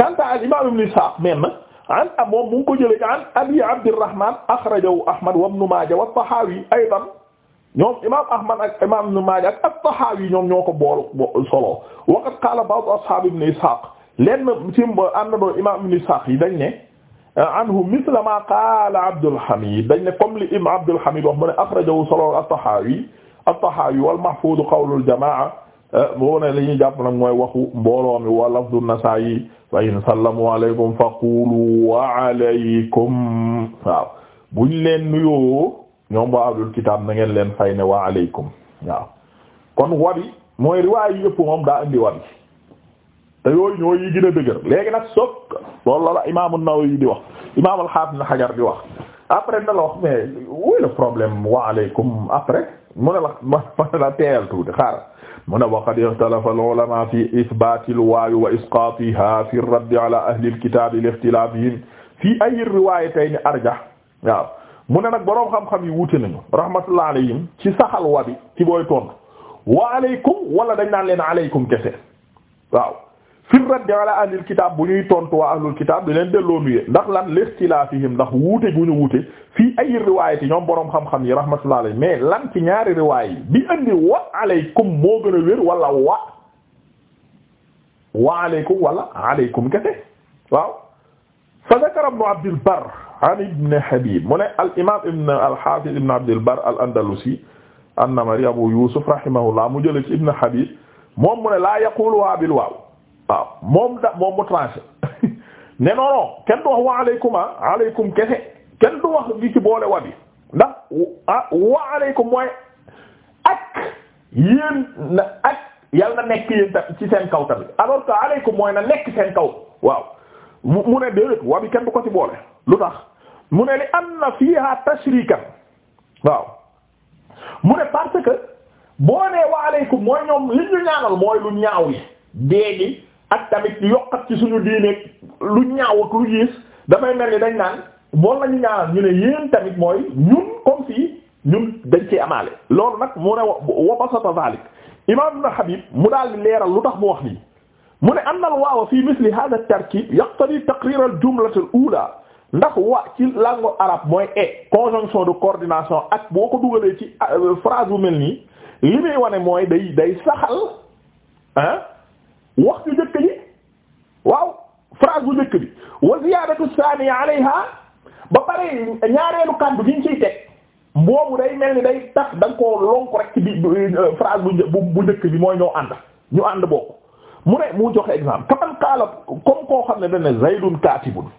kanta al imam ibn Ishaq men an a moom mu ngi ko jëlee ci an abi Abdurrahman akhrajahu Ahmad wa ibn Majah wa Tahawi aydan ñoom imam Ahmad ak imam ibn Majah ak at-Tahawi ñoom ñoo ko boolu solo wa qad qala ba'd ashab ibn Ishaq lenn ci àndandoo imam ibn Ishaq yi dañ ne anhu mithla ma qala Abdul Hamid dañ ne comme li imam Abdul Hamid wax mu ne akhrajahu solo at-Tahawi at-Tahawi wal mahfuz qawlu al-jama'a Eh, boo ne li ñuy jàpp nag mooy waxu mbooloo mi wa lafdu Nasaa'i fa in sallamu alaykum fa qulu wa alaykum waaw buñ leen nuyoo ñoom waa ahlul kitaab na ngeen leen fay ne wa alaykum waaw kon wari mooy riwaay yi yëpp moom daa indi wari te yooyu ñoo yi gën a dëgër léegi nag soog lool la la imaam an-Nawawi di wax imaam al-Haafiz Ibn di wax après na la wax mais problème wa aleykum après mu ne la ma la teyal tuuti xaar mu ne waqad ixtalafa al-ulamaa fi ithbaati al-waawi wa isqaatiha fi ar-raddi ala ahli al-kitaab li ixtilaafihim fi ayyi riwaayatayni arjah waaw mu ne nag boroom xam-xam yi wuute nañu rahmatullah alayhim ci saxal wa bi ci booy tontu wa aleykum wala dañ naan leen aleykum kese fil raddi ala ahlil kitaab bu ñuy tontu waa ahlul kitaab di leen delloo nuyu ndax lan lixtilaafihim ndax wuute bu ñu wuute fii ay riwaayati ñoom boroom xam-xam yi rahmatullah alayhi mais lan ci ñaari riwaay yi bi andi wa aleykum moo gën a wér wala wa wa aleykum wala aleykum kese waaw fa zakara ibnu Abdil an ibni Habib mu mu ne laa yaqulu waa waaw waaw moom da moom mu tranché ne non kenn du wax wa aleykum ah aleykum kese kenn du wax gi ci boole wa bi ndax ah wa aleykum mooy ak yéen na ak yàlla na nekk yéen ci seen kaw tamit alors que aleykum mooy na nekk seen kaw waaw mu ne déedéet wa bi kenn du ko ci boole lu tax mu ne li anna fiha tashrikan waaw mu ne parce que boo nee wa aleykum mooy ñoom li ñu ñaanal mooy lu ñaaw li ak tamit yokkat ci suñu diine lu ñaaw ak lu yées dafay mel ni dañ naan moom la ñu ñaanal ñu ne yéen tamit mooy ñun comme si ñun dañ ci amaale. loolu nag mu ne wa basata zalik imaam ibn Habib mu daal di leeral lu tax mu wax nii mu ne anna al waawa fi misli hadha al tarkib yaqtadi taqrir al jumla al ula ndax wa ci langue arab mooy e conjonction de coordination ak boo ko dugalee ci euh, phrase bu mel nii li muy wane mooy day day saxal ah. wax ju njëkk ji waaw phrase bu njëkk bi wa ziyaadatu saaniya alayha ba pare ñaareelu kàddu gi ñu ciy teg boobu day mel ni day tax da ko koo lonk rek ci bi euh, phrase bu bu bi mooy ñoo ànd ñu ànd bokk mu ne mu joxe exemple kaman qaala comme koo xam ne dañ ne zaydun kaatibun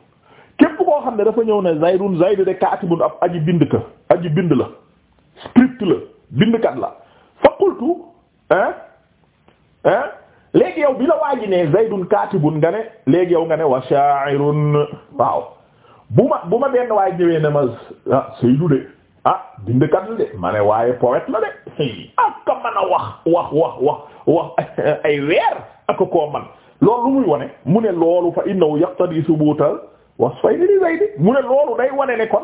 képp koo xam ne dafa ñëw ne zaydun zayd de kaatibun ab aji bind ka aji bind la script la bindkat la fa qultu hein léegi yow bi la waaji ne zaydun katibun nga ne léegi yow nga ne wa sha'irun waaw bu ma bu ma benn waay ñëwee ne ma ah Seydou de ah bindkat la de ma ne waaye poète la de ak ka mën a wax wax wax wax ay weer ak koo man loolu lu muy wone mu ne loolu fa innahu yaqtadi subuta wasfayni li Zayd mu ne loolu day wone ne kon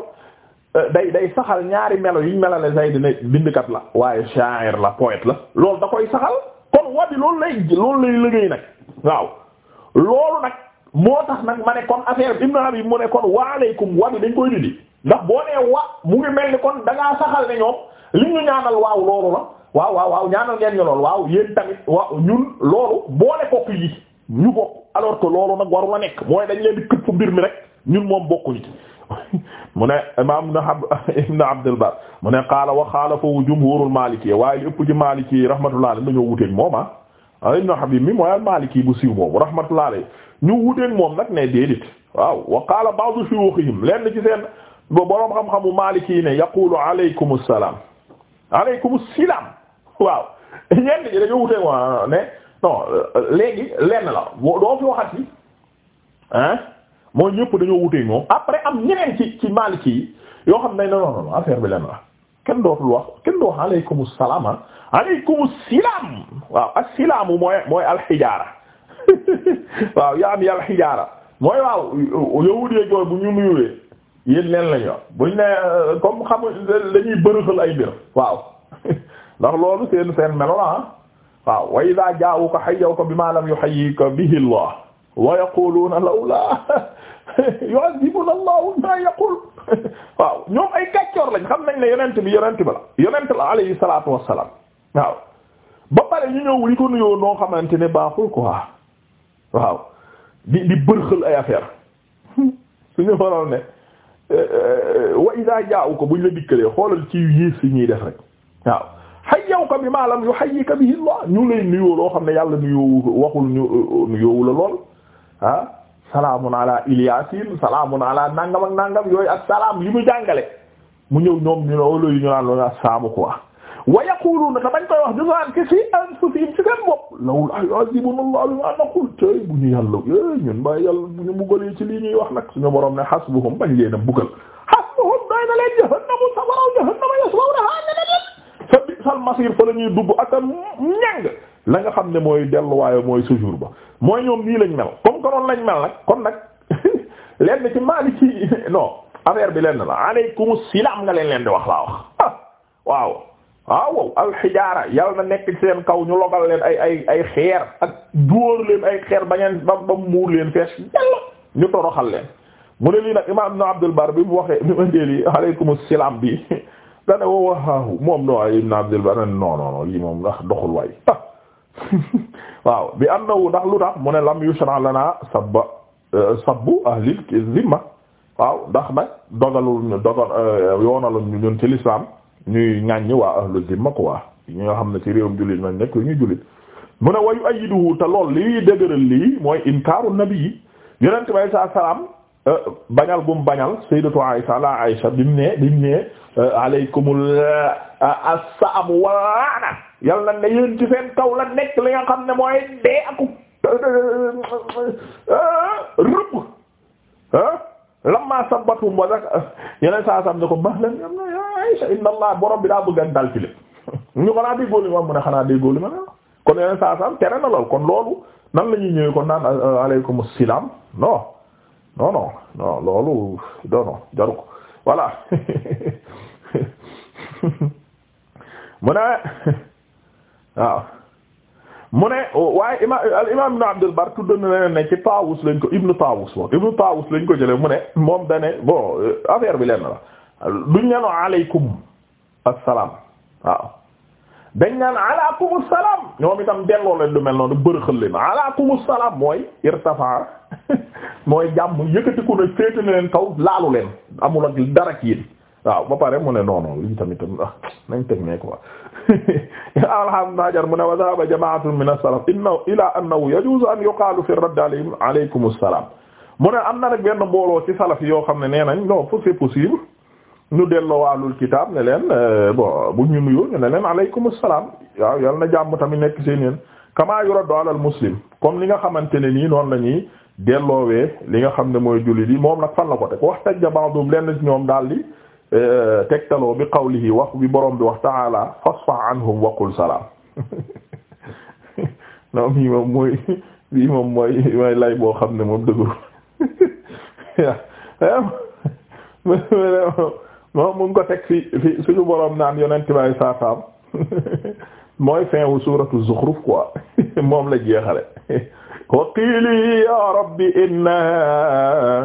euh, day day saxal ñaari melo yuñ melale Zayd ne bindkat la waaye sha'ir la poète la loolu da koy saxal kon wadi loolu lay loolu lay liggéey nag waaw loolu nag moo tax nag ma ne kon affaire bi Ibn Habib mu ne kon waaleykum wadi dañ koy yi ndax boo nee wa mu ngi mel ni kon da ngaa saxal ne ñoom li ñu ñaanal waaw loolu la waaw waaw waaw ñaanal ngeen ñu lool waaw yéen tamit waaw ñun loolu boole bokk yi ñu bokk alors que loolu nag waru la nekk mooy dañ leen di këpp mbir mi rek ñun moom bokkuñu ci mu ne imam ibn Abdul Bar mu ne qaala wa xaalafahu jumhuurul maalikiyya waaye li ëpp ci maalikiyyi rahmatullah alayhi dañoo wuteeg moom ah. ah ibn Habib mi mooy maalikiyyi bu siiw boobu rahmatullah alayhi ñu wuteeg moom nag ne déedéet waaw wa qaala ba'du shuyuukhihim leen ci seen boroom xam-xamu maalikiyyi ne yaqulu alaykumus salaam alaykumus salaam waaw ñenn ñi dañoo wuteeg moom ne non léegi lenn la doo fi waxati ah. mooy ñëpp dañoo wuteeg moom après am ñeneen ci ci Maliki yi yoo xam ne non non non affaire bi lenn la kenn dootul wax kenn du wax aleykum salaam aleykum silaam waaw ak silaamu mooy mooy alxijaara waaw yaa am alxijaara mooy waaw yahudi yeeg yooyu bu ñu nuyuwee yéen leen lañu wax buñ ne comme xam lañuy bërëxal ay mbir waaw ndax loolu seen seen melo la ah. waaw wa idaa jaawuka hayyawka bimaa lam yuhayyika bihi Allah wa yaquluuna lawlaa yu'adhibuna Allahu ma yaqul waaw ñoom ay gàccoor lañ xam nañ ne yonent bi yonent bi la yonent la alayhi salaatu wassalaam waaw ba pare ñu ñëw li ko nuyoo noo xamante ne baaxul ko waaw di di bërxal ay affaire suñu waroon ne eh, eh, wa iza ja'uka buñ la dikkalee xoolal ci yées yi ñuy def rek waaw hayyuka bima lam yuhayyika bihi Allah ñu lay nuyoo loo xam ne yàlla nuyoo waxul ñu eh, la lool ah, salaamun ala Ilyasin salaamun ala nangam nangam yooyu ak salaam yi mu ñëw ñoom ñu ne wala yu ñu naan loolu assalaamu quoi wa yaquluuna te bañ koy wax dafa am ci anfusihim ci seen bopp lawul yu'adhibunallahu bima naqul tey bu ñu yàlla eh, ñun ba yàlla bu ñu mbugalee ci lii ñuy wax nag suñu borom ne hasbuhum bañ leen a hasbuhum doy na leen jahannamu safara jahannama yaslawnaha fa bi'sal masiir fa la ñuy dugg ak ñàng la nga xam ne mooy delluwaayo mooy séjour ba mooy ñoom nii lañ mel comme que noonu lañ mel nag kon nag lenn ci Maliki non affaire bi lenn la aleykum salaam nga leen leen di wax laa wax ah, waaw waaw alxijaara yal na nekk ci seen kaw ñu logal leen ay ay ay xeer ak dóor leen ay xeer ba ngeen ba ba muur leen fees yàlla ñu toroxal leen mu ne lii nag imaam Ibn Abdul bi mu waxee bi mu indee lii aleykum bi dane woo waxaahu moom no moom ndax doxul waay ah waaw bi annahu ndax lu tax mu ne lam yushra lana sabba euh, sabbu ahlil zimma waaw ndax nag dogalul ñu dogal euh, yoonalul ñu ñun ci l'islam ñuy ŋàññi waa ahlu zimma quoi ñi nga xam ne ci réewum jullit nañ nekk ñu jullit mu ne wayu ayiduhu te lool lii dëgëral lii mooy inkaaru nabi yi yonent bay sa salaam euh, bañal gum bañal sayyidatu Aisha la Aisha bi mu ne bi mu ne alaykumul Ah, as-sa'mu walaana yal na ne yéen ci seen kaw la nekk li nga xam ne mooy dee ak ah, rëbb ah lamma sabbatum wa zaka saa sam ne ko mahlan am na ya Aisha inna allah bi daa bëgg ak dal ci ko naa dee góoli ma mu ne xanaa dee góoli ma na kon yeneen saa sam tere na lool kon loolu nan la ñuy ñëwee kon naan ah, aleykum salaam non non non non loolu dono jaru ko voilà mu ne waaw mu ne waaye ima al imaam ibnu Abdul Barr tudd na leneen ne ci Taawus lañ ko ibnu Taawus boobu ibnu Taawus lañ ko jëlee mu ne moom da ne bon affaire bi lenn la duñ ñaanoo aleykum assalaam waaw dañ naan alaakumu salaam ñoom itam delloo leen lu mel noonu bërëxal leen alaakumu salaam mooy irtafaa mooy jàmm yëkkatiku na féete na leen kaw laalu leen amul ak dara ci waaw ba pare mu ne noonu lii tamit ah, nañ teg ne quoi alhamdulilah jar mu ne wa dhahaba jamaatun min as-salaf inna ila annahu yajuzu an yuqaalu fi radd alayhim aleykum mu ne am na nag benn mbooloo ci salaf yoo xam ne nee nañ non c'est possible ñu delloo waalul kitaab ne leen euh, bon bu ñu nuyoo ne leen aleykum salaam waaw yal na jàmm tamit nekk seen yéen kamaa yuraddu alal muslim comme li nga xamante ne nii noon la ñuy delloowee li nga xam ne mooy julli li moom nag ko teg wax taj ja ñoom daal tegtaloo bi qawlihi wax bi borom bi wax ta'ala fasfah anhum wa qul salaam non bii moom mooy lay boo xam ne moom dëggul moom mu ngi ko teg fi fi suñu borom naan yonent baay saasaam mooy fin wu suuratu zuxruf quoi moom la jeexale wa qiili ya rabbi inna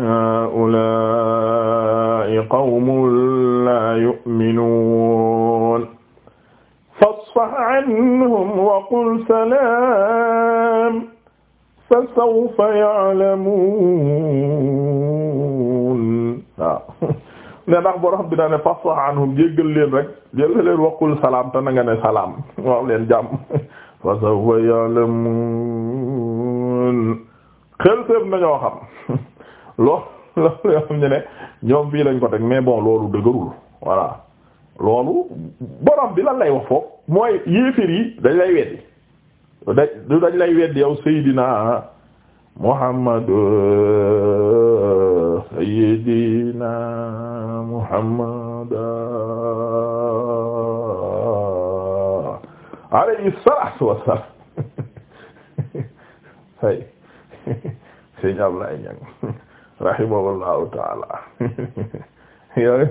haa'ulaa'i qawmun laa yu'minuun fasfah anhum wa qul salaam fasawfa ya'lamuun waaw ne ndax borom bi na ne fasfah anhum jéggal leen rek jéggal leen wa qul salaam te na nga ne salaam waaw leen jàmm fasawfa ya'lamuun xamul xel seef nañoo xam loolu loolu lañ ko teg mais bon loolu dëgërul voilà loolu borom bi lan lay wax foofu mooy yéefir yi dañ lay weddi da dañ lay weddi yow Seydina Muhammad Seydina Muhammad alayhi salaatu wassalaam ay sëñ Ablaye Niang rahimahullahu taala yooyu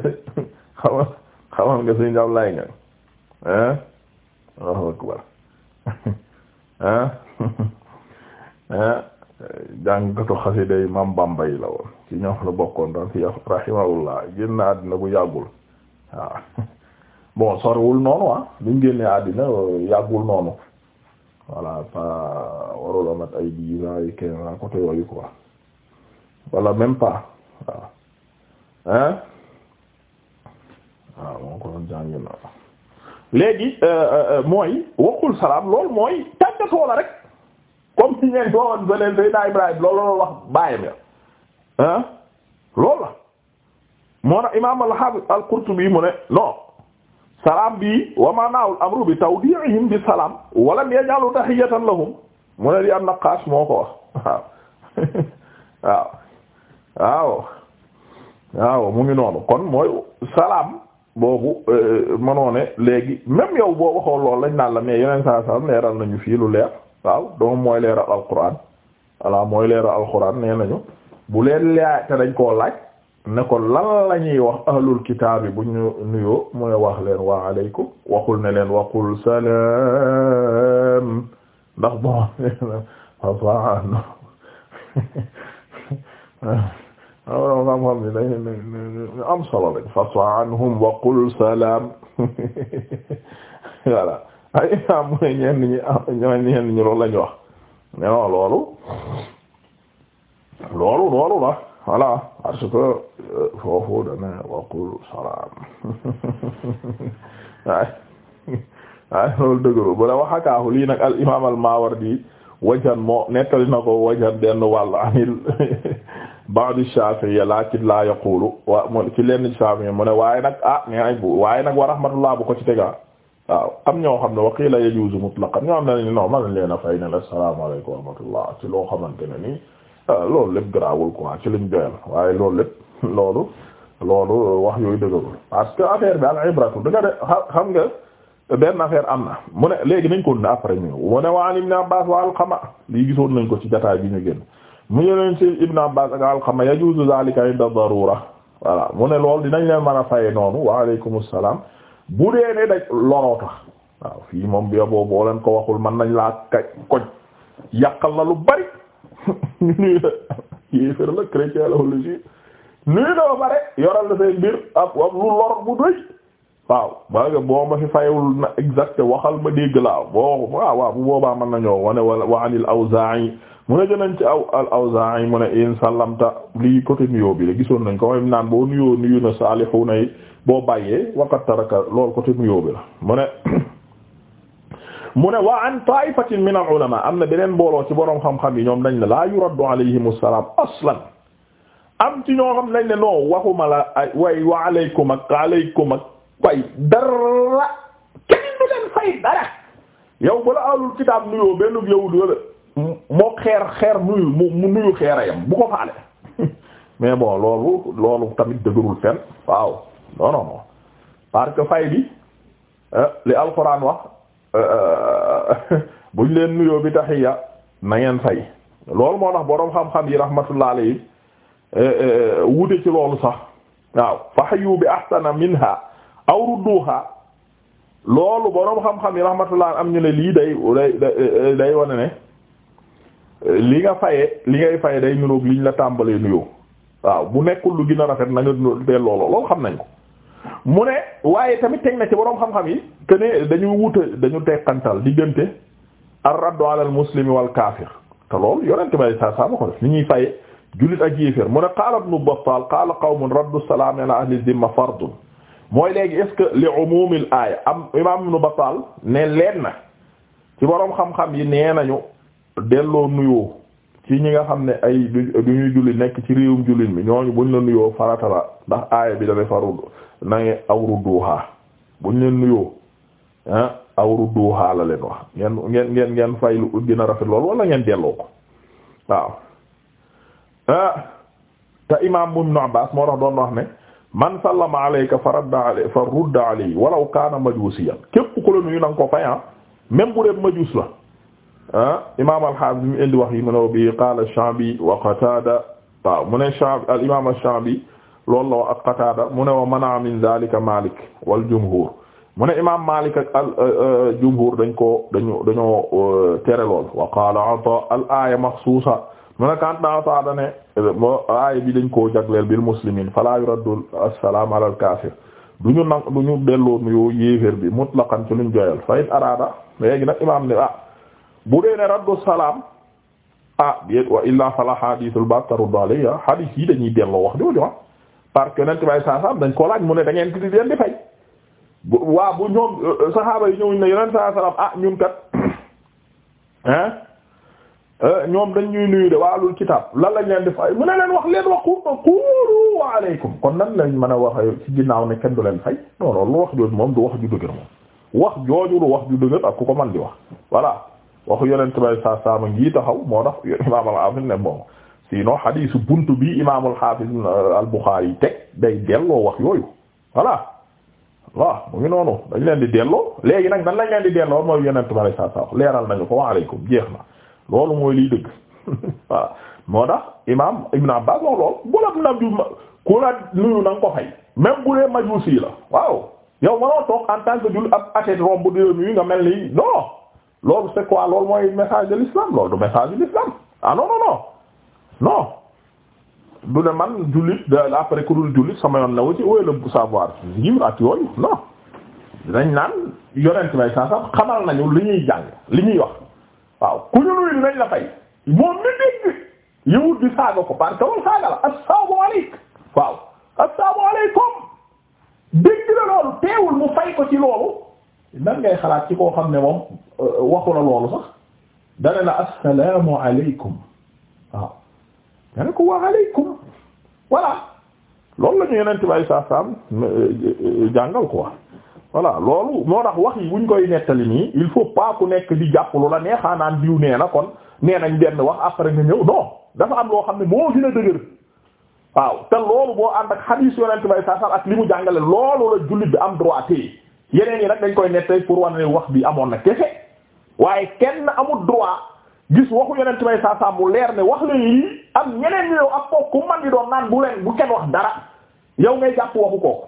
xamal xamal nga sëñ Ablaye Niang ah Allahu akbar ah ah jàngkatu xasida yi Mam Bamba yi la woon ci ñoom bokkoon daal fi rahimahullah génn na bu yàggul waaw bon sorewul noonu ah bi mu génnee yàggul noonu voilà pas warul amat ay dix ans ay quinze ans côté yooyu quoi wala même pas waaw hein waaw ah, moo ko doon jàngi na léegi euh, euh, euh, mooy waxul salaam loolu mooy lool la rek comme si ñeen waxoon beneen Seydina Ibrahim loolu loolu wax bàyyam ya hein loolu la moo na al-Hafiz al-Qurtubi mu non salaam bi wa taw amru bi tawdi'ihim bi salaam walam yaj'alu tahiyatan lahum mu ne di am naqaas moo ko wax waaw waaw waaw mu ngi noonu kon mooy salaam boobu euh, mënoo ne léegi même yow boo waxoo loolu lañ naan la mais yeneen saa salaam leeral nañu fii lu leer waaw doom mooy leeral alquran voilà mooy leeral alquran nee nañu bu leen laaj te dañ koo laaj. ne ko lan la ñuy wax ahlul kitaab yi bu ñu nuyoo mu wax leen wa aleykum waxul ne leen waqul salaam ndax bon papa no awarom xam-xam ni dañ am solo lañ fasfa anhum wa qul salaam voilà ay mu ne ñi ñeen ñi loolu lañ wax non loolu loolu loolu la voilà parce que euh, foofu dana waqul salaam waay waay loolu dëggro bu la wax akaahu lii nag al imam al Mawardi wajan moo nettali na ko wajan benn wàll anil ba'd Shafi'i lakin la yaqulu wa ci lenn Shafi'i mu ne waaye nag ah nee bu waaye nag wa rahmatullah bu ko ci tegaa waaw am ñoo xam ne wa qila yajuzu mutlaqan ñoo xam ne non man leen a fay ne la salaamaaleykum wa rahmatullah ci loo xamante ne nii Ah, loolu lépp garaawul quoi ci liñ doyal waaye loolu lépp loolu loolu wax yooyu dëgërul parce que affaire bi al ibratu da de xam nga benn affaire am na mu ne léegi nañ ko ne après ñu mu ne waa an ibn abbas wa alqama lii gisoon nañ ko ci jotaay bi ñu génn mu ñëleen ci ibn abbas ak alqama yajuzu zalika inda darura voilà mu ne loolu dinañ leen mën a faye noonu waaleykum salaam bu dee ne daj loroo waaw fii moom bi yoboo boo ko waxul mën nañ laa koj yàqal la lu bari ñu nuyu la yéefar ba pare yoral la say mbir ab lu lor bu doy waaw ba nga boo ma fi fayewul na exact waxal ma dégg laa boo waaw ah, waaw bu boobaa mën nañoo wane wa anil Awzaa'i mu ne jënañ ci aw al Awzaa'i mu ne in sallamta lii coté nuyoo bi la gisoon nañ ko mooy naan boo nuyoo nuyu na saalihuna yi boo bàyyee waqat taraka loolu côté nuyoo la mu ne mu ne wa an taifatin min al ulama am na beneen booloo ci boroom xam-xam yi ñoom dañ ne laa yuraddu alayhimu salaam aslan am ci ñoo xam dañ ne non waxuma la ay way wa aleykum ak aleykum ak way dara kenn du leen fay dara yow bala alul kitaab nuyoo benn yawud wala moo xeer xeer nuyu mu nuyu xeerayam bu ko faale mais bon loolu loolu tamit dëgërul fenn waaw non non non parce que bi eh, li alxuraan wax buñ leen nuyoo bi taxiya na ngeen fay loolu moo tax boroom xam-xam yi rahmatullah alayhi eh, eh, wute ci loolu sax waaw fahayu bi ahsana minha aw rudduha loolu boroom xam-xam yi rahmatullah am ñu ne lii day day day wane ne li nga faye li ngay faye day nuroog liñ la tàmbalee nuyoo waaw bu nekkul lu gën a rafet nañu delloo loolu xam nañ ko mu ne waaye tamit teg na ci boroom xam-xam yi que dañu wute dañu teqantal diggante ar-raddu ala al-muslimi wal kaafir te loolu yonent bay saa saa ba ko def li ñuy faye jullit ak yéeféer mu ne qaala ibnu Battaal qaala qawmun raddu salaam ala ahli dhimma fardun mooy léegi est-ce que li umum al-aaya am imaam ibnu Battaal ne leen na ci boroom xam-xam yi nee nañu delloo nuyoo ci ñi nga xam ne ay du ñuy julli nekk ci réewum jullit mi ñooñu buñ la nuyoo farata la ndax aaya bi dafay na ngeen awruduha buñ leen nuyoo ah awruduha la leen wax ngeen ngeen ngeen fay lu gën a rafet lool wala ngeen delloo ko waaw ah, te imam Ibn Abbas moo tax doon wax ne man sallama alayka fa radda alayhi fa rudda alayhi walaw kaana majusiyan képp ku la nuyu na nga ko fay ah, même bu dee la ah imaam al-Hafiz bi mu indi wax yi mu ne bii qaala Sha'bi wa Qatada mu ne Sha'bi al imaam lool la wax ak Qataada mu ne wa mana min zalika Malik wal jumhur mu ne imaam Malik ak euh, euh, dañ koo dañu dañoo euh, tere lool wa qaala Ata al aaya maxsuusa mu ne kant na Ata bi dañ koo jagleel bil muslimin fa yuraddu assalaam ala al kaafir du ñu nag du ñu bi mutlaqan ci luñ joyal araada léegi nag imaam ne ah bu ne raddu salaam ah déet wa illaa fala hadithul bab taruddu alayhi hadith yi dañuy delloo wax jooju ah parce que yonent bay dañ ko laaj mu ne da ngeen di leen di fay bu waa bu ñoom euh, saxaaba yi ñëwuñ ne yonent saa ah ñun kat hein euh, ñoom dañ ñuy nuyu de waa alul kitaab lan lañ leen di fay mu ne leen wax leen wax kuulu wa aleykum kon nan lañ mën a wax ci ginnaaw ne kenn du leen fay non loolu wax jooju moom du wax ju dëgër moom wax jooju du wax ju dëgër ak ku ko man di wax voilà waxu yonent bay saa saama taxaw moo tax imaam sinon xadiisu buntu bi imaamul xaafis al Buxaari yi teg day delloo wax yooyu voilà waaw mu ngi noonu dañ leen di delloo léegi nag nan lañ leen di delloo mooy yeneen tubaab yi saa saa leeral nañu ko waaleykum jeex na loolu mooy liy dëgg voilà moo tax imaam Ibn Abbas wax lool bu la gën ku la nuyu na nga ko fay même bu dee majuusi la waaw yow mënoo toog en tant que jul ab athée romb di nuyu nga mel ni non loolu c'est quoi loolu mooy message de l'islam loolu du non du ne man jullit da après ku dul jullit sama yoon newu ci wooy la savoir vivre ak yooyu non dinañ naan yonent may saa sax xamal nañu li ñuy jàng li ñuy wax waaw ku ñu nuyu dinañ la fay moom mi dégg yëwut di saaga ko parce que wal saaga la assalamu alaykum waaw assalamu alaykum dégg na loolu teewul mu fay ko ci loolu nan ngay xalaat ci koo xam ne moom euh, waxu la loolu sax dana la assalaamu alaykum waaw nga ne ko wa aleykum voilà loolu la ñu yenente bay saa saam euh, euh, jàngal quoi voilà loolu moo tax wax yi buñ koy nettali nii il faut pas ku nekk di jàpp lu la neexaanaan diw nee na kon nee nañ benn wax après nga ñëw non dafa am loo xam ne moo gën a dëgër waaw te loolu boo ànd ak xadiis yonent bay saa saam ak li mu jàngale loolu la jullit bi am droit téye yeneen yi nag dañ koy nettali pour wane ne wax bi amoon na kese waaye kenn amul droit gis waxu yeneen tubay saa saa mu leer ne wax la yii am ñeneen ñi yow ak kooku man di doon naan bu leen bu kenn wax dara yow ngay jàpp waxu kooku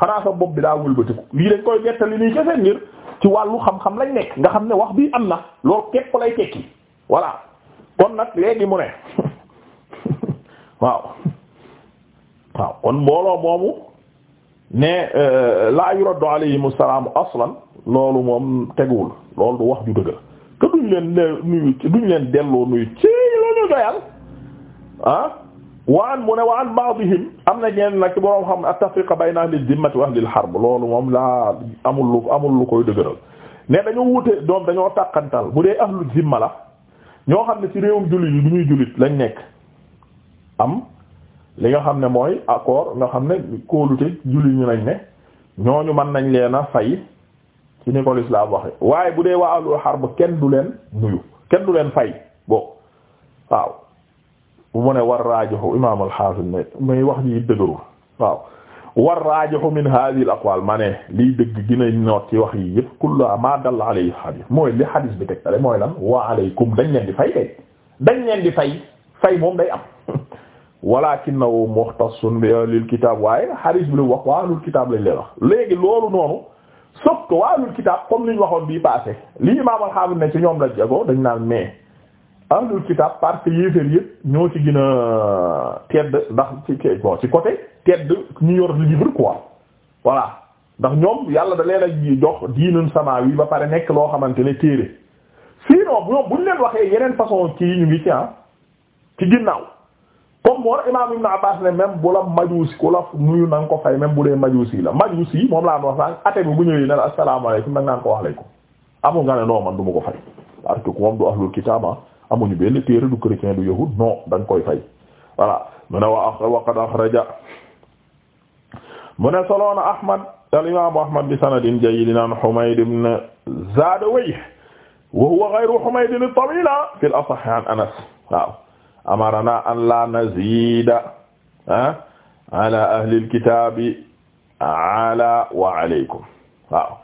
xanaa sa bopp bi daa wulbatiku lii dañ koy nettali nii kese ngir ci wàllu xam-xam lañ nekk nga xam ne wax bii am na loolu képp lay tekki voilà kon nag léegi mu ne waaw waaw kon mbooloo moomu ne euh, laa yuraddu alayhimu salaamu aslan loolu moom teguwul loolu du wax ju dëgg te duñ leen duñ leen delloo nuyu ci la ñu doyal ah waan mu ne waan ba'dihim am na ñeen nag ci boroom xam ne bay tafriqa li ahli dimmati wax ahli al-harb loolu moom laa amul lu amul lu koy dëgëral ne dañoo wute doom dañoo tàqantal bu dee ahlu zimma la ñoo xam ne ci réewum jullit yi du ñuy jullit lañ nekk am li nga xam ne mooy accord nga xam ne kóolute jullit ñu lañ ne ñooñu mën nañ leen a fay ci ni ko lislaam waxe waaye bu dee waa ahlul harb kenn du leen nuyu kenn du leen fay boo waaw mu ne war raajihu imaam al-Hafiz ne muy wax ji dëgërul waaw war raajihu min hadhihi al-aqwal ma ne liy dëgg gina noot ci wax yi yëpp kulla ma dalla alayhi hadith mooy li hadith bi teg tale mooy lan wa alaykum dañ leen di fay kay dañ leen di fay fay moom day am walakinahu mukhtassun bi ahlil kitab waaye hadith bi lu wax waa ahlul kitab lañ leen wax léegi loolu noonu sauf que ahlul kitaab comme ni ñu waxoon bii passé li imaam al-Hafiz ne ci ñoom la jago dañ naan mais ahlul kitaab parce que yéeféer yëpp ñoo ci gën a tedd ndax ci bon ci côté tedd ñu yor livre quoi voilà ndax ñoom yàlla da leen a jox diinun samaawi ba pare nekk loo xamante ne téere sinon ñoom buñ leen waxee yeneen façon ci ñu ngi ci ah ci ginnaaw comme moo imaam Ibn Abbas ne même bu majuusi ku la nuyu na ko fay même bu dee majuusi la majuusi moom laa wax sànq ate bi bu ñëwee ne la asalaamaaleykum nag naan ko wax aleykum amul nga ne non man du ma ko fay parce que moom du ahlul kitaab ah amuñu benn téere du chrétien du yahud non da koy fay voilà mu ne wa waqad axraja mu ne soloona ahmad al imaamu ahmad bi sanadin jayyidin an Humayd ibn wa huwa ghayru Humayd al-asah amarana an la nazida ah ala ahlil kitaabi ala wa aleykum waaw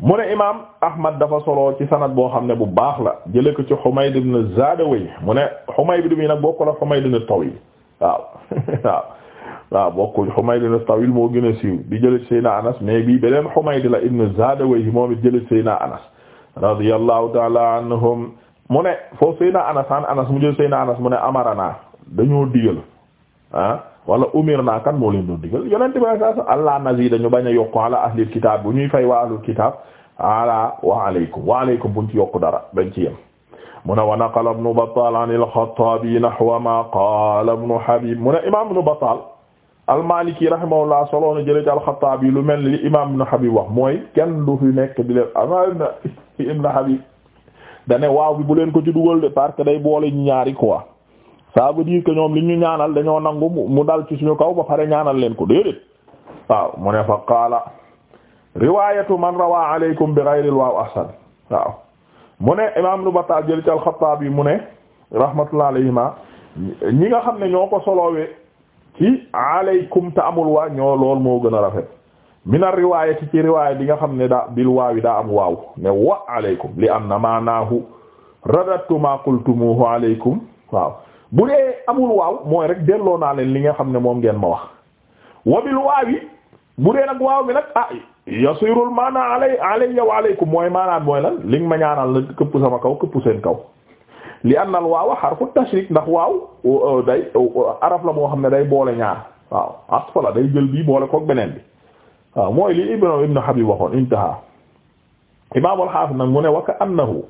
mu ne imaam Ahmad dafa solo ci sanad boo xam ne bu baax la jëlee ko ci Humayd ibn Zadawayh mu ne Humayd bi nag bokkul ak Humayd ibn Tawil waaw waaw waaw bokkul Humayd ibn Tawil moo gën a siiw di jëlee Seyna Anas mais bii beneen Humayd la ibn Zadawayh moom it jëlee Seyna Anas radiyallahu ta'ala anhum mu ne foofu Seyna Anas an Anas mu jël Seyna Anas mu ne amarana dañoo digal ah wala umir naa kan moo leen doon digal yonent bi saa sa allah nazi dañu bañ a yokk ala ahlil kitaab bu ñuy fay waa ahlul kitaab ala wa aleykum wa aleykum buñ ci yokk dara dañ ci yem. mu ne wa naqala ibnu Battaal an al-Xattaabi nahwa maa qaala ibnu Habiib mu ne imaam ibnu Battaal al-Maaliki rahimahullah solo na jëlee ci al-Xattaabi lu mel ni li imaam ibnu Habiib wax mooy kenn du fi nekk di leen amaana ibnu Habiib dane waaw bi bu leen ko ci dugal de parce que day boole ñu ñaari quoi ça veut dire que ñoom li ñu ñaanal dañoo nangu mu dal ci suñu kaw ba pare ñaanal leen ko déedéet waaw mu ne fa qaala riwayatu man rawa alaykum bi ghayril waaw ahsan waaw mu ne imam nu bata jël yi alxataabi mu ne rahmatullah ñi nga xam ne ñoo ko solowee ci alaykum ta amul waa ñoo lool moo gën a rafet min ar-riwaayati ci riwaaya bi nga xam ne daa bil waawi daa am waaw ne wa aleykum li am na maanaahu radattu ma qultumuhu aleykum waaw bu dee amul waaw mooy rek delloo naa leen li nga xam ne moom ngeen ma wax wa bil waawi bu dee nag waaw bi nag ah yasirul maana alay aleykum mooy maanaam mooy lan li nga ma ñaanal la këpp sama kaw këpp seen kaw li am nal waaw harfu tashrik ndax waaw day araf la moo xam ne day boole ñaar waaw asfala day jël bii boole koog beneen bi waaw mooy li Ibrahim ibn Habib waxoon intaha imaamul xaafis nag mu ne wa ka annahu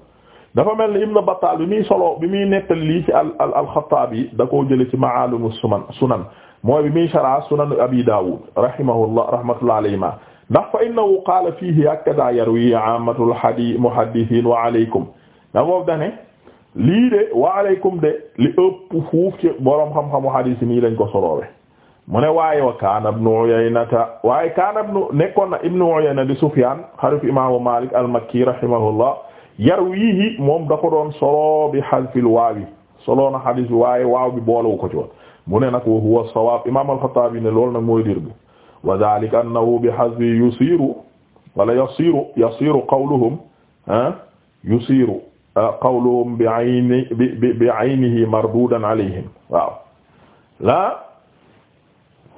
dafa mel ni Ibn Battal bi muy solo bi muy nettal lii ci al al Xattaabi da koo jëlee ci Maalumu Sunan Sunan mooy bi muy sharh Sunan Abi Daawud rahimahullah rahmatullahi alayhima ndax fa innahu qaala fiihi hakadaa yarwi aammatul hadiis muhaddisiin wa aleykum ndax boobu da ne lii de wa aleykum de li ëpp fuuf ci boroom xam-xamu hadiis yi nii lañ ko solowe mu ne waaye wa kaana ibnu Uyaynata waaye kaana ibnu nekkoon na ibnu Uyayna di Sufyaan xaritu imaamu Maalik al-Makki rahimahullah yarwihi moom da ko doon solo bi hadfil waawi solo na hadis bi waaye waaw bi boolewu ko ci woon mu ne nag wa huwa sawaab imaam al-Xattaabi ne loolu nag mooy dir bi wa zaalika annahu bi hadfi yusiiru wala yasiiru yasiiru qawluhum ah yusiiru ah, qawluhum bi ayni bi bi aynihi marduudan alayhim waaw la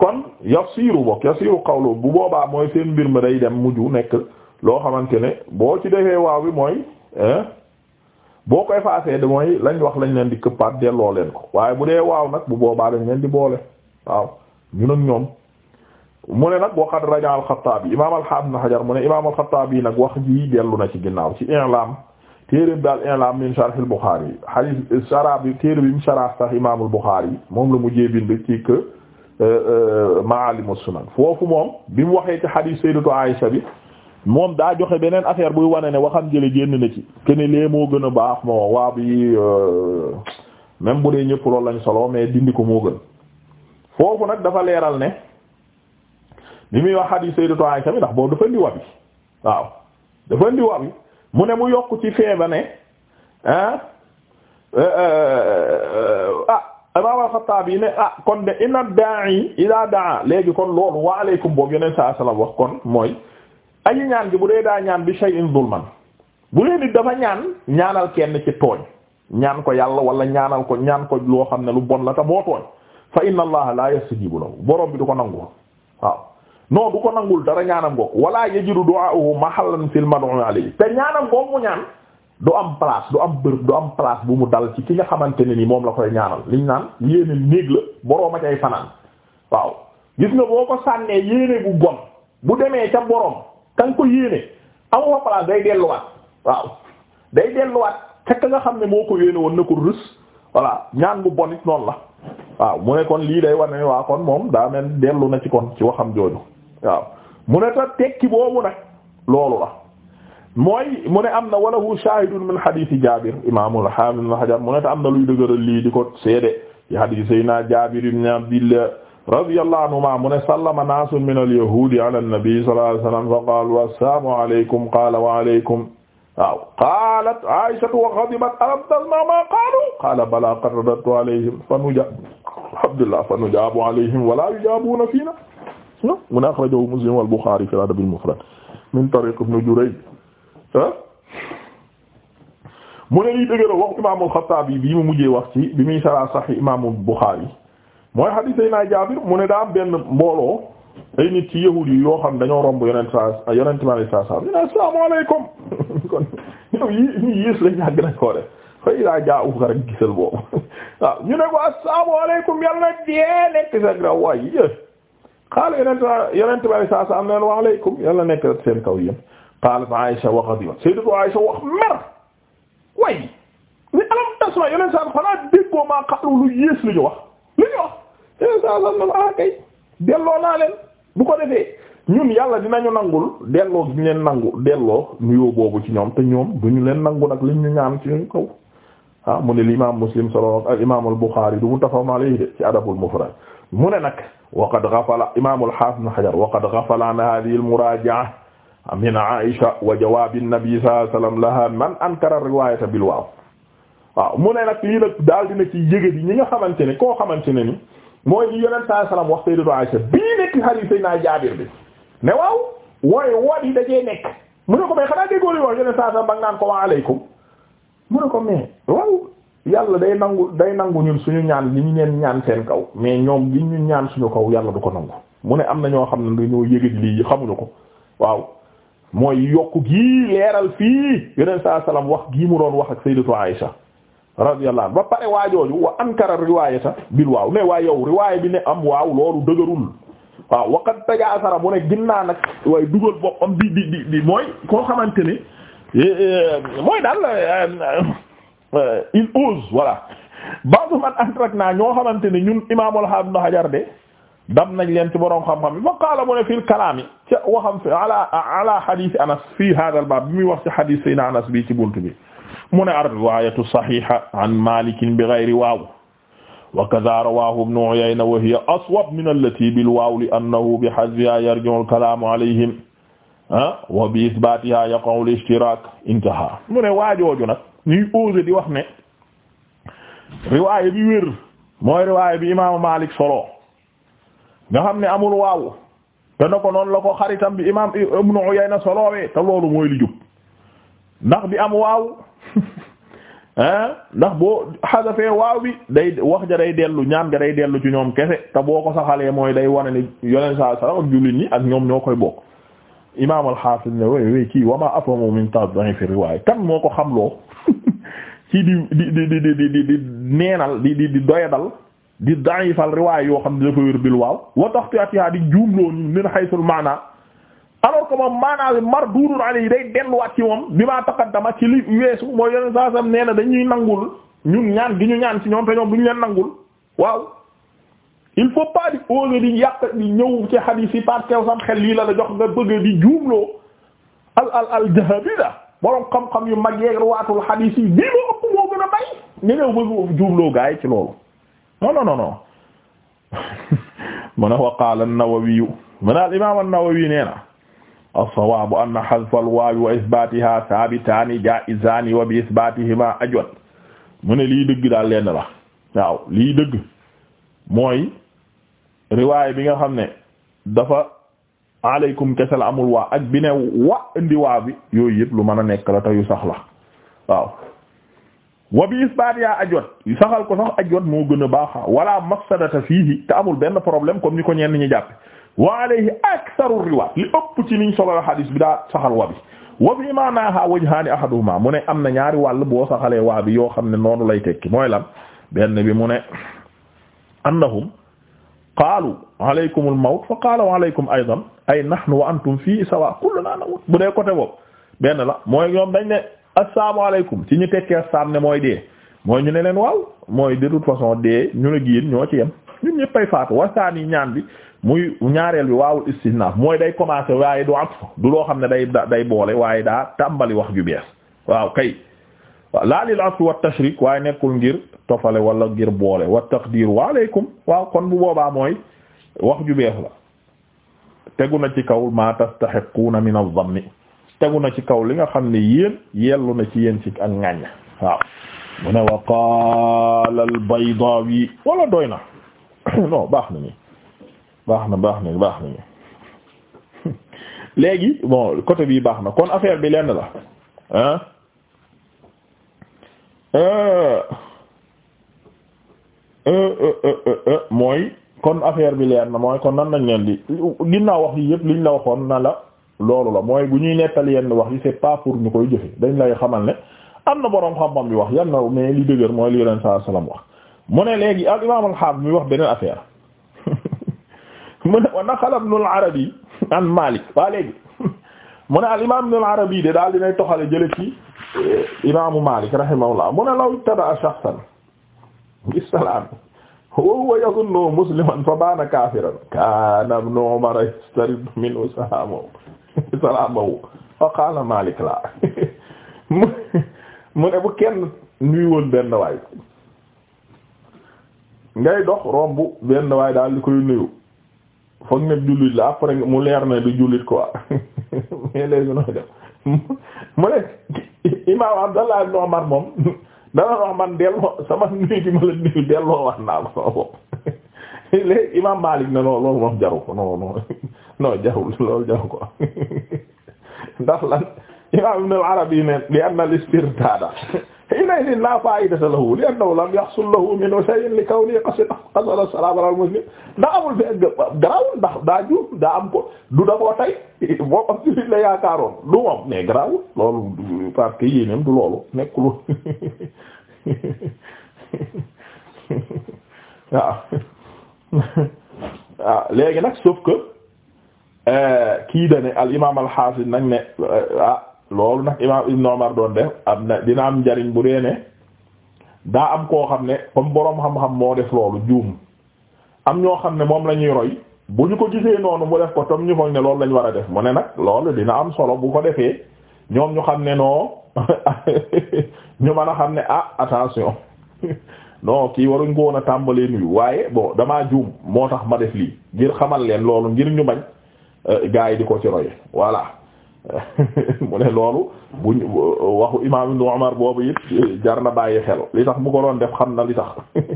kon yasiru bokk yasiru qawlu bu boobaa mooy seen mbir mi day dem mujj nekk loo xamante ne boo ci defee waaw bi mooy boo koy faasee de mooy lañ wax lañ leen di këppaat delloo leen ko waaye bu dee waaw nag bu boobaa lañ leen di boole waaw ñun ak ñoom mu ne nag waxat raja al yi imaam al-Haafiz Ibn Hajar mu ne imaam al yi nag wax ji dellu na ci ginnaaw ci I'laam téere bi daal I'laam min Sharh al-Buxaari hadiis sharab bi téere bi mu sharh sax imaam al-Buxaari moom la mujjee bind ci Euh, euh, maalimu sunan foofu moom bi mu waxee ci hadith sayyidatu Aisha bi moom daa joxe beneen affaire buy wane ne waxam jële génn na ci ke ne lee moo gën a baax moo waa bi euh, même bu dee ñëpp loolu lañ solo mais dindi ko moo gën foofu nag dafa leeral ne bi muy wax hadith sayyidatu Aisha bi ndax boobu dafa indi wabi waaw dafa indi wabi mu ne mu yokk ci feeba ne ah imaam al-Xattaabi ne ah kon a inna daa'i idaa daa léegi kon loolu wa aleykum boobu yeneen saa salaam wax kon mooy aji ñaan gi bu dee daa ñaan bi shay'in zulman bu dee nit dafa ñaan ñaanal kenn ci tooñ ñaan ko yàlla wala ñaanal ko ñaan ko loo xam ne lu bon la te moo tooñ fa inna allaha la yastajibu lahu borom bi du ko nangul waaw non du ko nangul dara ñaanam googu wala yajidu du'a'uhu mahallan fil mad'u alayhi te ñaanam googu mu ñaan. du am place du am bërëb du am place bu mu dal ci ki nga xamante ne ni moom la koy ñaanal liñ naan yéene néeg la boroom a cay fanaan waaw gis nga boo ko sànnee yéene bu gon bu demee ca boroom ka ko yéene amu a place day delluwaat waaw day delluwaat ca ka nga xam ne moo ko yéene woon na ko rës voilà ñaan bu bon it noonu la waaw mu ne kon lii day war ne waa kon moom daa mel dellu na ci kon ci waxam jooju waaw mu ne ta tekki boobu nag loolu la mooy mu ne am na walahu shahidun min hadith jabir imamul hafiz ibn hajar mu ne te am na luy dëgëral lii di ko seede ci hadith sayna jabir ibn abdillah radiyallahu anhuma mu ne sallama nasun min alyahudi ala annabi sallallahu alayhi wasallam fa qalu assalamu alaykum qala wa alaykum waaw qalat aishatu wa ghadibat aradna ma qalu qala bala qad radadtu alayhim fanuja abdullah fanujabu alayhim wala yujabuna fina mu ne akhrajahu muslim wal bukhari fil adab al mufrad min tariq ibn jurayj mu ne lii dëgëral wax imaamul Xattaabi bi mu mujjee wax ci bi muy saraa Sahih imaamul Buxaari mooy xadiis yi naa Jaabir mu ne daa benn mbooloo ay nit ci yahuud yi yoo xam dañoo romb yonent saa yonent ma ne saa saa ñu ne asalaamaaleykum kon la yàgg nañ koo def fay daa ñu ne ko asalaamaaleykum yal na dee nekk sa graw waay xaala yonent yonent ma ne saa saa am yal na nekk seen kaw yéen qalat Aisha wa ghadibat sayyidatu Aisha wax mer way ni alam tasma yoneen san xanaa déggoo maa xalu lu yées lu ñu wax lu ñu wax yoneen sa san nam ah kay delloo naa leen bu ko defee ñun yàlla dinañu nangul delloo gi ñu leen nangu delloo nuyoo boobu ci ñoom te ñoom duñu leen nangu nag liñ ñu ñaan ci ñu kaw ah mu ne li imam Muslim solo ak imam al-Bukhari du muttafaq alayhi de ci adabul mufrad mu ne nag waqad ghafala imam al-Hafiz Ibn Hajar waqad ghafala an hadhihi al-muraja'a min Aisha wa jawaabi nabi sallallahu alayhi wa sallam laha man ankara riwaayata bil waaw waaw mu ne nag lii nag daal dina ci yëge di ñi nga xamante ne koo xamante ne ni mooy li yonent sallallahu alayhi wa sallam wax sayyidatu Aisha bii nekk hadiis Seydina Jaabir bi ne waaw wooy woot yi dajee nekk mu ne ko mais xanaa déggoo li wax yonent sallallahu alayhi wa ba nga ko wa aleykum mu ne ko mais waaw yàlla day nangu day nangu ñun suñu ñaan li ñu leen ñaan seen kaw mais ñoom li ñu ñaan suñu kaw yàlla du ko nangu mu ne am na ñoo xam ne dañoo ko mooy yokk gi leeral fii yeneen saa salaam wax gii mu doon wax ak sayyidatu Aisha radiyallahu anha ba pare waajooju wa ankara riwaayata bil waaw ne waaye yow riwaaya bi ne am waaw loolu dëgërul waaw waqad tajaasara mu ne ginnaa nag waaye dugal boppam di di di mooy koo xamante ni eh, eh, mooy daal eh, il ose voilà ba'du antrak naa ñoo xamante ne ñun imaamul Hafiz Ibn Hajar de dam nañ leen ci boroom xam-xam bi fa qaala mu ne fil kalaami ca waxam fi ala ala hadith anas fi hada al baab bi muy wax ci hadith sayna anas bi ci bunt bi mu ne ar riwayatu sahiha an malik bi ghayri waaw wa kadha rawahu ibn uyayna wa hiya aswab min allati bil waaw li annahu bi hazfiha yarji'u al kalaam alayhim wa bi ithbatiha yaqa'u al ishtirak intaha mu ne waajooju nag ñuy osé di wax ne riwaaya bi wér mooy riwaaya bi imaamu malik solo nga xam ne amul waawu te na ko noonu la ko xaritam bi imaam Ibnu Uyayna solowee te loolu mooy li jub ndax bi am waaw ndax boo xasafee waaw bi day wax ja day dellu ñaan ga day dellu ci ñoom kese te boo ko saxalee mooy day wane ni yoneen saa salaam ak jullit ñi ak ñoom ñoo koy bokk imaam al-Hafiz ne way way kii wama afhamu min tadhif riwaaya kan moo ko xamloo ci di di di di di di di di di doyadal di da'ifal riwaay yoo xam ne dafa wér bil waaw wa taxtiatiha di juumloo ñu min haythul maana alors que moom maanaa bi mardudun alayhi day delluwaat ci moom bi ma taqaddama ci li weesu mooy yeneen saa sam nee na dañuy nangul ñun ñaan gi ñu ñaan ci ñoom te ñoom duñu leen nangul waaw il faut pas di di yàq di ñëw ci hadith yi par teew sam xel lii la la jox nga bëgg di juumloo al al al jahabida borom xam-xam yu mag yeeg riwaatul hadith yi bii moo ëpp ci loolu non non non non mu ne wa qaala an-Nawawi mu ne al-imaam an-Nawawi nee na as-sawaabu anna hadfa wa ithbaatihaa thaabitaani jaa'izaani wa bi ithbaatihimaa ajwad mu ne lii dëgg daal lenn la waaw lii dëgg mooy riwaay bi nga xam ne dafa aleykum kese amul waa ak bi ne wa indi waa bi lu mën a nekk la te sax la waaw wa bi isbaat yaa ajwat saxal ko sax ajwat moo gën a baax wala mafsadata fiihi te amul benn problème comme ni ko ñenn ñi jàppe wa alayhi aktharu riwaat li ëpp ci niñ solo xadiis bi daa saxal wa bi wa bi maanaaha wajhaani ahaduhuma mu ne am na ñaari wàll boo saxalee waa yoo xam ne noonu lay tekki mooy lan benn bi mu ne annahum qaalu alaykum al mawt fa qaalu alaykum aydan ay nahnu wa antum fii sawa kulluna namut bu dee côté boobu benn la mooy asalaamaaleykum ci ñu tekkee asalaam ne mooy dee mooy ñu ne leen waaw mooy de toute façon dee ñu ne gii ñoo ci yem ñun ñëppay faatu wasaan yi ñaan bi muy ñaareel bi waawul istinaaf mooy day commencer waaye du am du loo xam ne day day boole waaye daa tàmbali wax ju bees waaw kay laa lil asl wa tashrik waaye nekkul ngir tofale walla ngir boole wa taqdir waaleykum waaw kon bu boobaa mooy wax ju bees la tegu na ci kaw ma tastahiquna min az-zammi tegu na ci kaw li nga xam ne yéen yellu na ci yéen ci ak ŋàññ waaw mu ne wa qaala al-Baydaawi doy na non baax na ni baax na baax na baax na léegi bon côté bii baax na kon affaire bi lenn la ah mooy kon affaire bi leer na mooy kon nan nañ leen di ginnaaw wax yi yëpp liñ la waxoon na la loolu la mooy bu ñuy nettali yenn wax yi pas pour ñu koy jëfe dañ lay xamal ne am na boroom xam-xam bi wax yan na mais li dëgër mooy li yoneen saa salaam wax mu ne léegi al imam al-Hafiz wax beneen affaire mu ne wa naqala Ibn al-Arabi an de daal dinay toxale jële ci eh, imaamu Malik rahimahullah mu ne law ibtada'a shakhsan bi salaam wa huwa yadhunnu musliman fa baana kaafiran kaana Ibn Umar yastarib minhu sahamahu salaabahu fa qaala Maalik la mu ne bu kenn nuy woon benn waay ngay dox romb benn waay daal di koy nuyu foog ne jullit la après mu leer na du jullit quoi mais mu ne Imaam Abdallah ibn Umar moom dana wax man delloo sama nuyu di ma la nuyu delloo wax ko sama bopp léegi Imaam Maalik ne loolu moom jaru ko non non jarul loolu jaru ko ndax lan imam Ibn al-Arabi ne li anna al-istirdaada hiina'izin laa faa'idata lahu li annahu lam yahsul lahu min shay'in li kawnihi qasada salaam ala al-muslim ndax amul fi garawul ndax daa juum daa am ko du da koo tey moom am ci la yaakaaroon du moom mais garawul loolu parce que yéeneem du loolu nekkul waaw waaw léegi nag sauf que Eh, kii da ne al imaam al xaasin nag ne eh, ah loolu nag imaam Ibn Umar doon def am na dina am njariñ bu dee ne daa am koo xam ne comme boroom xam-xam moo def loolu juum am ñoo xam ne moom la ñuy roy bu ñu ko gisee noonu mu def ko tam ñu foog ne loolu la war a def mu ne dina am solo bu ko defee ñoom ñu xam ne non ñu mën a xam ne ah attention non kii waruñ ko a tàmbalee nuyu waaye bon damaa juum moo tax ma def lii ngir xamal leen loolu ngir ñu mañ Euh, gaa yi di ko ci roy voilà mu ne loolu buñ waxu imaam Ibnu Umar boobu it jar na bàyyi xel li tax mu ko doon def xam na li tax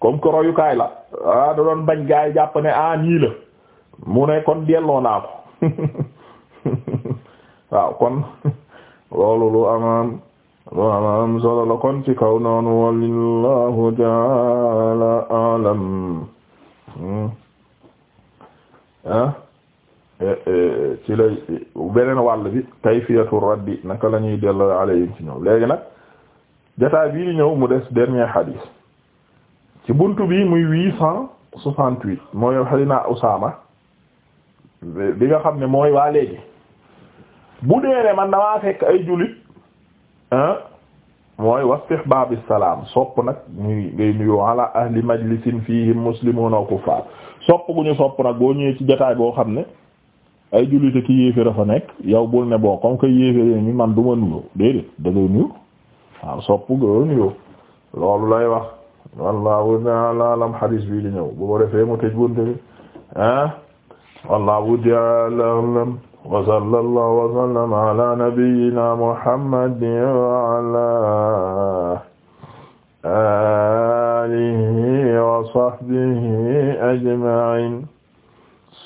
comme que royukaay la ah, da doon bañ gaa yi jàpp ah, nii la mu ne kon delloo naa ko waaw kon loolu lu amaam lu amaam solo la kon ci kaw noonu wallahu ta'ala Eh, eh, ci lay beneen wàll bi kayfiyatu raddi naka la ñuy delloo alayhim ci ñoom léegi nag jotaay bii ñëw mu des dernier hadith ci buntu bi muy huit cent soixante-huit mooy xadina Usaama bi nga xam ne mooy waa léegi bu deene man damaa fekk ay jullit mooy wastihbaabi salaam sopp nag ñuy ngay nuyoo ala ahli majlisin fiihim muslimuuna wa kuffaar sopp gu ñu sopp nag boo ñëwee ci jotaay boo xam ne ay jullite ki yéeféra fa nekk yow bul ne bon comme que yéefér mi man du ma nuyoo déedéet da nuyu waaw sopp goo nuyoo loolu lay wax wallahu ta'ala alam hadis bi ñëw bu ko defee mu tëj bunte bi ah wallahu ta'ala alam wa sallallahu wa sallama ala nabiyyina muhammadin wa alihi wa sahbihi ajma'in